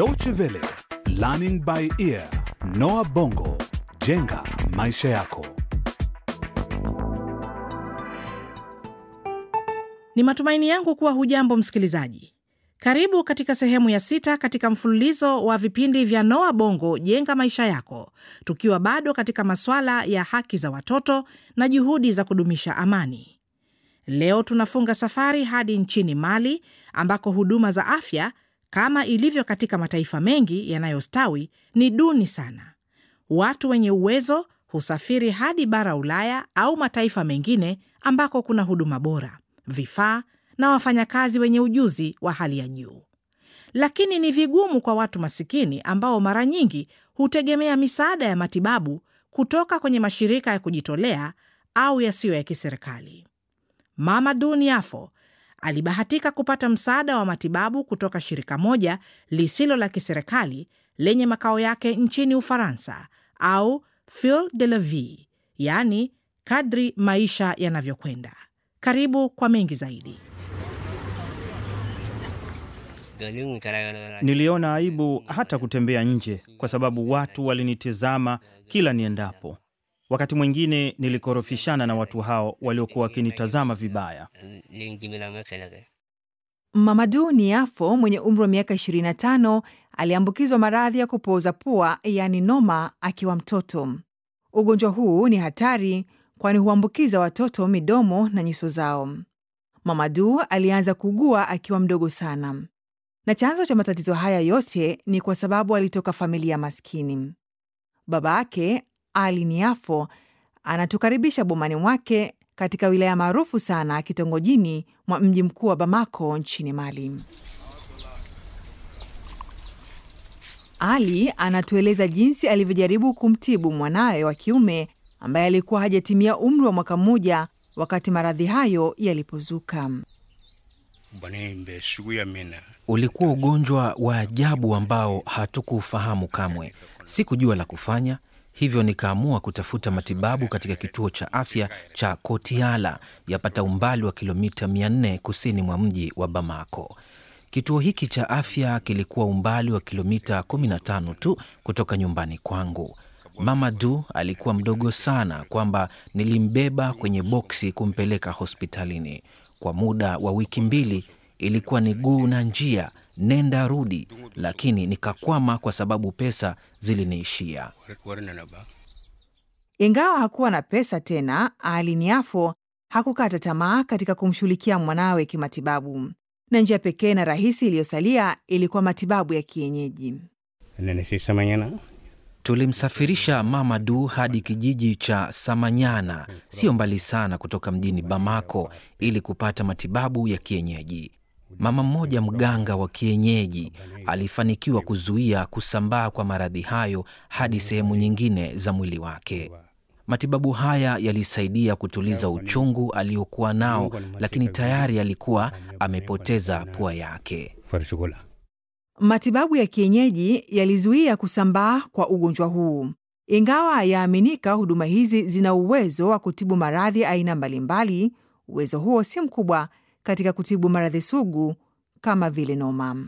Deutsche Welle, Learning by Ear, Noah Bongo, Jenga Maisha Yako. Ni matumaini yangu kuwa hujambo msikilizaji. Karibu katika sehemu ya sita katika mfululizo wa vipindi vya Noa Bongo Jenga Maisha Yako, tukiwa bado katika masuala ya haki za watoto na juhudi za kudumisha amani. Leo tunafunga safari hadi nchini Mali ambako huduma za afya kama ilivyo katika mataifa mengi yanayostawi, ni duni sana. Watu wenye uwezo husafiri hadi bara Ulaya au mataifa mengine ambako kuna huduma bora, vifaa na wafanyakazi wenye ujuzi wa hali ya juu, lakini ni vigumu kwa watu masikini ambao mara nyingi hutegemea misaada ya matibabu kutoka kwenye mashirika ya kujitolea au yasiyo ya kiserikali. mama duniafo, alibahatika kupata msaada wa matibabu kutoka shirika moja lisilo la kiserikali lenye makao yake nchini Ufaransa au fil de la vie, yaani kadri maisha yanavyokwenda. Karibu kwa mengi zaidi. Niliona aibu hata kutembea nje, kwa sababu watu walinitizama kila niendapo. Wakati mwingine nilikorofishana na watu hao waliokuwa wakinitazama vibaya. Mamadu Niafo mwenye umri wa miaka 25 aliambukizwa maradhi ya kupooza pua, yaani noma, akiwa mtoto. Ugonjwa huu ni hatari, kwani huambukiza watoto midomo na nyuso zao. Mamadu alianza kuugua akiwa mdogo sana, na chanzo cha matatizo haya yote ni kwa sababu alitoka familia maskini. Baba yake ali Niafo anatukaribisha bomani mwake katika wilaya maarufu sana kitongojini mwa mji mkuu wa Bamako nchini Mali. Ali anatueleza jinsi alivyojaribu kumtibu mwanawe wa kiume ambaye alikuwa hajatimia umri wa mwaka mmoja wakati maradhi hayo yalipozuka. Ulikuwa ugonjwa wa ajabu ambao hatukuufahamu kamwe. Sikujua la kufanya, hivyo nikaamua kutafuta matibabu katika kituo cha afya cha Kotiala, yapata umbali wa kilomita 400 kusini mwa mji wa Bamako. Kituo hiki cha afya kilikuwa umbali wa kilomita 15 tu kutoka nyumbani kwangu. Mamadu alikuwa mdogo sana kwamba nilimbeba kwenye boksi kumpeleka hospitalini. Kwa muda wa wiki mbili ilikuwa ni guu na njia, nenda rudi, lakini nikakwama kwa sababu pesa ziliniishia. Ingawa hakuwa na pesa tena, aliniafo hakukata tamaa katika kumshughulikia mwanawe kimatibabu, na njia pekee na rahisi iliyosalia ilikuwa matibabu ya kienyeji. Tulimsafirisha Mamadu hadi kijiji cha Samanyana, sio mbali sana kutoka mjini Bamako, ili kupata matibabu ya kienyeji. Mama mmoja mganga wa kienyeji alifanikiwa kuzuia kusambaa kwa maradhi hayo hadi sehemu nyingine za mwili wake. Matibabu haya yalisaidia kutuliza uchungu aliokuwa nao, lakini tayari alikuwa amepoteza pua yake. Matibabu ya kienyeji yalizuia kusambaa kwa ugonjwa huu. Ingawa yaaminika huduma hizi zina uwezo wa kutibu maradhi aina mbalimbali, uwezo huo si mkubwa katika kutibu maradhi sugu kama vile noma.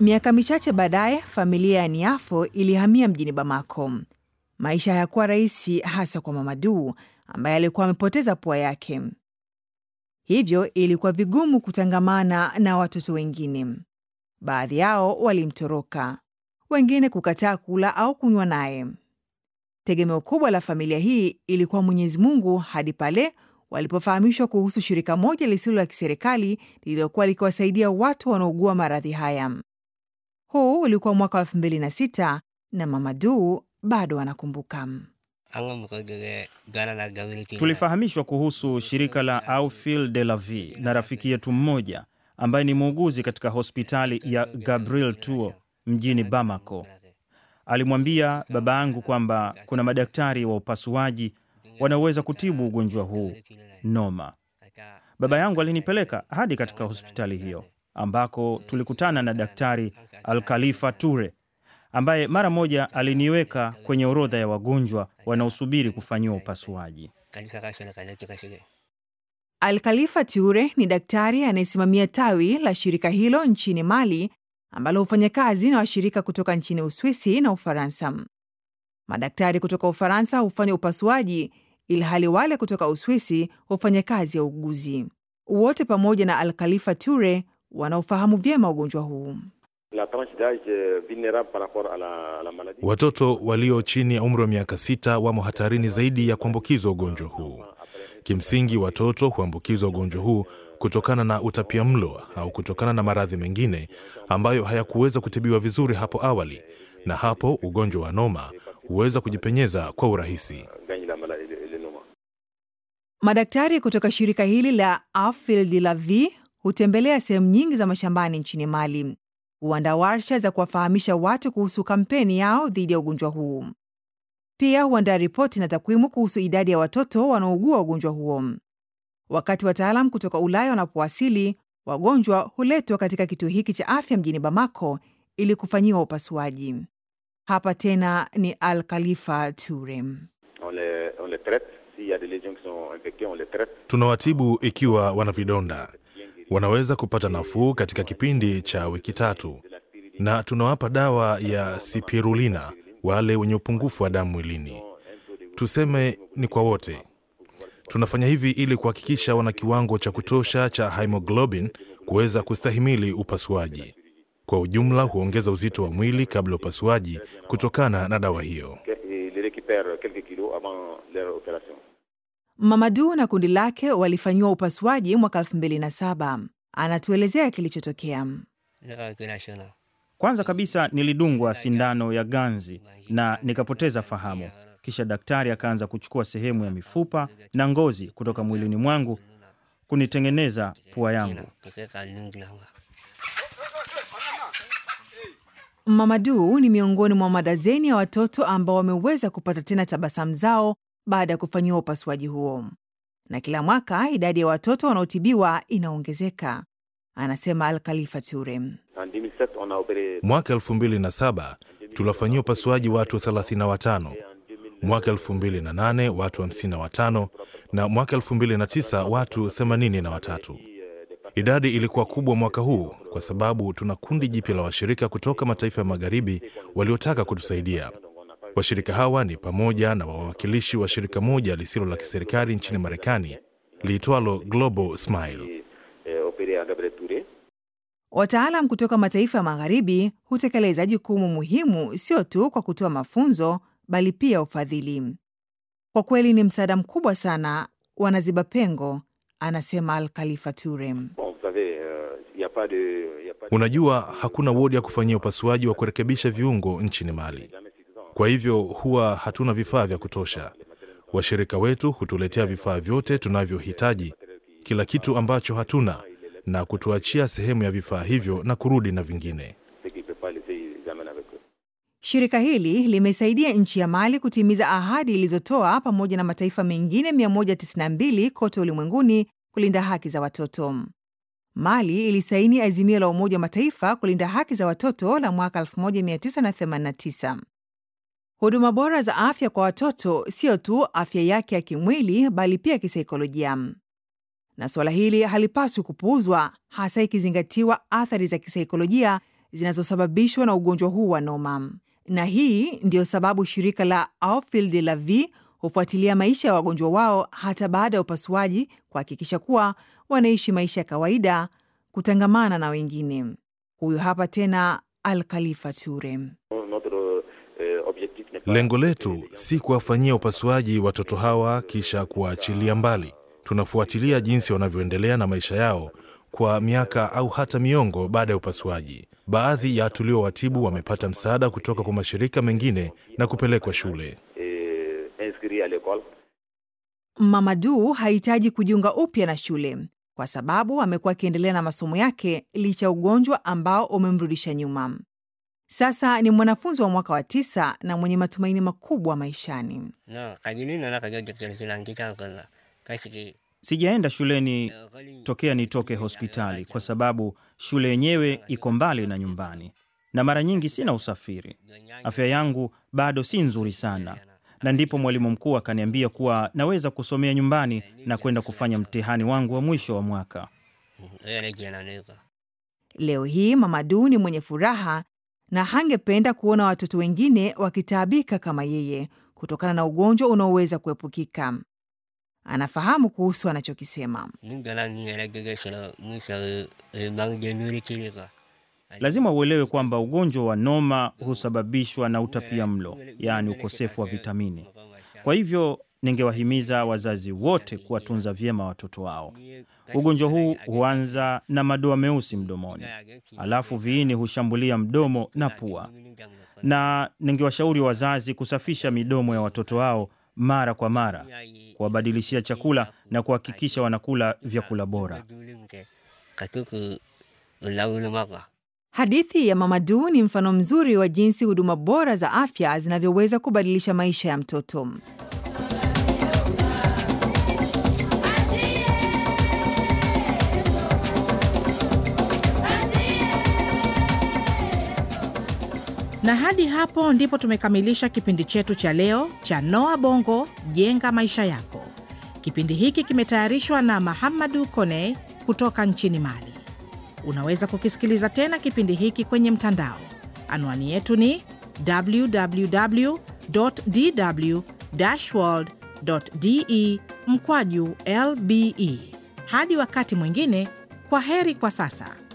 Miaka michache baadaye, familia ya Niafo ilihamia mjini Bamako. Maisha hayakuwa rahisi, hasa kwa Mamadu ambaye alikuwa amepoteza pua yake, hivyo ilikuwa vigumu kutangamana na watoto wengine. Baadhi yao walimtoroka, wengine kukataa kula au kunywa naye. Tegemeo kubwa la familia hii ilikuwa Mwenyezi Mungu hadi pale walipofahamishwa kuhusu shirika moja lisilo la kiserikali lililokuwa likiwasaidia watu wanaougua maradhi haya. Huu ulikuwa mwaka wa elfu mbili na sita na Mamadu bado anakumbuka. Tulifahamishwa kuhusu shirika la Aufil de la Vie na rafiki yetu mmoja ambaye ni muuguzi katika hospitali ya Gabriel Tuo mjini Bamako. Alimwambia baba yangu kwamba kuna madaktari wa upasuaji wanaoweza kutibu ugonjwa huu noma. Baba yangu alinipeleka hadi katika hospitali hiyo ambako tulikutana na Daktari Alkalifa Ture ambaye mara moja aliniweka kwenye orodha ya wagonjwa wanaosubiri kufanyiwa upasuaji. alkalifa Ture ni daktari anayesimamia tawi la shirika hilo nchini Mali ambalo hufanya kazi na washirika kutoka nchini Uswisi na Ufaransa. Madaktari kutoka Ufaransa hufanya upasuaji ilhali wale kutoka Uswisi hufanya kazi ya uuguzi. Wote pamoja na Alkhalifa Ture wanaofahamu vyema ugonjwa huu. Watoto walio chini ya umri wa miaka sita wamo hatarini zaidi ya kuambukizwa ugonjwa huu. Kimsingi, watoto huambukizwa ugonjwa huu kutokana na utapia mlo au kutokana na maradhi mengine ambayo hayakuweza kutibiwa vizuri hapo awali, na hapo ugonjwa wa noma huweza kujipenyeza kwa urahisi. Madaktari kutoka shirika hili la la Vie hutembelea sehemu nyingi za mashambani nchini Mali, huandaa warsha za kuwafahamisha watu kuhusu kampeni yao dhidi ya ugonjwa huu. Pia huandaa ripoti na takwimu kuhusu idadi ya watoto wanaougua ugonjwa huo. Wakati wataalam kutoka Ulaya wanapowasili, wagonjwa huletwa katika kituo hiki cha afya mjini Bamako ili kufanyiwa upasuaji. Hapa tena ni Al Khalifa Toure s'il y a des qui sont infectées, on les traite. Tunawatibu ikiwa wana vidonda, wanaweza kupata nafuu katika kipindi cha wiki tatu, na tunawapa dawa ya sipirulina wale wenye upungufu wa damu mwilini. Tuseme ni kwa wote. Tunafanya hivi ili kuhakikisha wana kiwango cha kutosha cha hemoglobin kuweza kustahimili upasuaji. Kwa ujumla, huongeza uzito wa mwili kabla ya upasuaji kutokana na dawa hiyo. Mamadu na kundi lake walifanyiwa upasuaji mwaka 2007. Anatuelezea kilichotokea. Kwanza kabisa nilidungwa sindano ya ganzi na nikapoteza fahamu. Kisha daktari akaanza kuchukua sehemu ya mifupa na ngozi kutoka mwilini mwangu kunitengeneza pua yangu. Mamadu ni miongoni mwa madazeni ya watoto ambao wameweza kupata tena tabasamu zao baada ya kufanyiwa upasuaji huo, na kila mwaka idadi ya watoto wanaotibiwa inaongezeka, anasema Al-Khalifa Ture. Mwaka 2007 tuliwafanyia upasuaji watu 35, mwaka 2008 watu 55, na mwaka 2009 watu 83. Idadi ilikuwa kubwa mwaka huu kwa sababu tuna kundi jipya la washirika kutoka mataifa ya magharibi waliotaka kutusaidia. Washirika hawa ni pamoja na wawakilishi wa shirika moja lisilo la kiserikali nchini Marekani liitwalo Global Smile. Wataalam kutoka mataifa ya magharibi hutekeleza jukumu muhimu, sio tu kwa kutoa mafunzo, bali pia ufadhili. Kwa kweli ni msaada mkubwa sana, wanaziba pengo, anasema Al Khalifa Ture. Unajua, hakuna wodi ya kufanyia upasuaji wa kurekebisha viungo nchini Mali. Kwa hivyo huwa hatuna vifaa vya kutosha. Washirika wetu hutuletea vifaa vyote tunavyohitaji, kila kitu ambacho hatuna, na kutuachia sehemu ya vifaa hivyo na kurudi na vingine. Shirika hili limesaidia nchi ya Mali kutimiza ahadi ilizotoa pamoja na mataifa mengine 192 kote ulimwenguni kulinda haki za watoto. Mali ilisaini azimio la Umoja wa Mataifa kulinda haki za watoto la mwaka 1989. Huduma bora za afya kwa watoto sio tu afya yake ya kimwili bali pia kisaikolojia, na suala hili halipaswi kupuuzwa, hasa ikizingatiwa athari za kisaikolojia zinazosababishwa na ugonjwa huu wa noma. Na hii ndiyo sababu shirika la Outfield la v hufuatilia maisha ya wagonjwa wao hata baada ya upasuaji, kuhakikisha kuwa wanaishi maisha ya kawaida, kutangamana na wengine. Huyu hapa tena Al Khalifa Ture. Lengo letu si kuwafanyia upasuaji watoto hawa kisha kuwaachilia mbali. Tunafuatilia jinsi wanavyoendelea na maisha yao kwa miaka au hata miongo baada ya upasuaji. Baadhi ya tuliowatibu wamepata msaada kutoka kwa mashirika mengine na kupelekwa shule. Eh, Mamadu hahitaji kujiunga upya na shule kwa sababu amekuwa akiendelea na masomo yake licha ugonjwa ambao umemrudisha nyuma. Sasa ni mwanafunzi wa mwaka wa tisa na mwenye matumaini makubwa maishani. Sijaenda shuleni tokea nitoke hospitali, kwa sababu shule yenyewe iko mbali na nyumbani, na mara nyingi sina usafiri. Afya yangu bado si nzuri sana, na ndipo mwalimu mkuu akaniambia kuwa naweza kusomea nyumbani na kwenda kufanya mtihani wangu wa mwisho wa mwaka. Leo hii Mamadu ni mwenye furaha na hangependa kuona watoto wengine wakitaabika kama yeye kutokana na ugonjwa unaoweza kuepukika. Anafahamu kuhusu anachokisema. Lazima uelewe kwamba ugonjwa wa noma husababishwa na utapia mlo, yaani ukosefu wa vitamini. Kwa hivyo ningewahimiza wazazi wote kuwatunza vyema watoto wao. Ugonjwa huu huanza na madoa meusi mdomoni, alafu viini hushambulia mdomo na pua, na ningewashauri wazazi kusafisha midomo ya watoto wao mara kwa mara, kuwabadilishia chakula na kuhakikisha wanakula vyakula bora. Hadithi ya Mama ni mfano mzuri wa jinsi huduma bora za afya zinavyoweza kubadilisha maisha ya mtoto. Na hadi hapo ndipo tumekamilisha kipindi chetu cha leo cha Noa Bongo, jenga maisha yako. Kipindi hiki kimetayarishwa na Mahamadu Kone kutoka nchini Mali. Unaweza kukisikiliza tena kipindi hiki kwenye mtandao. Anwani yetu ni www de mkwaju lbe. Hadi wakati mwingine, kwa heri kwa sasa.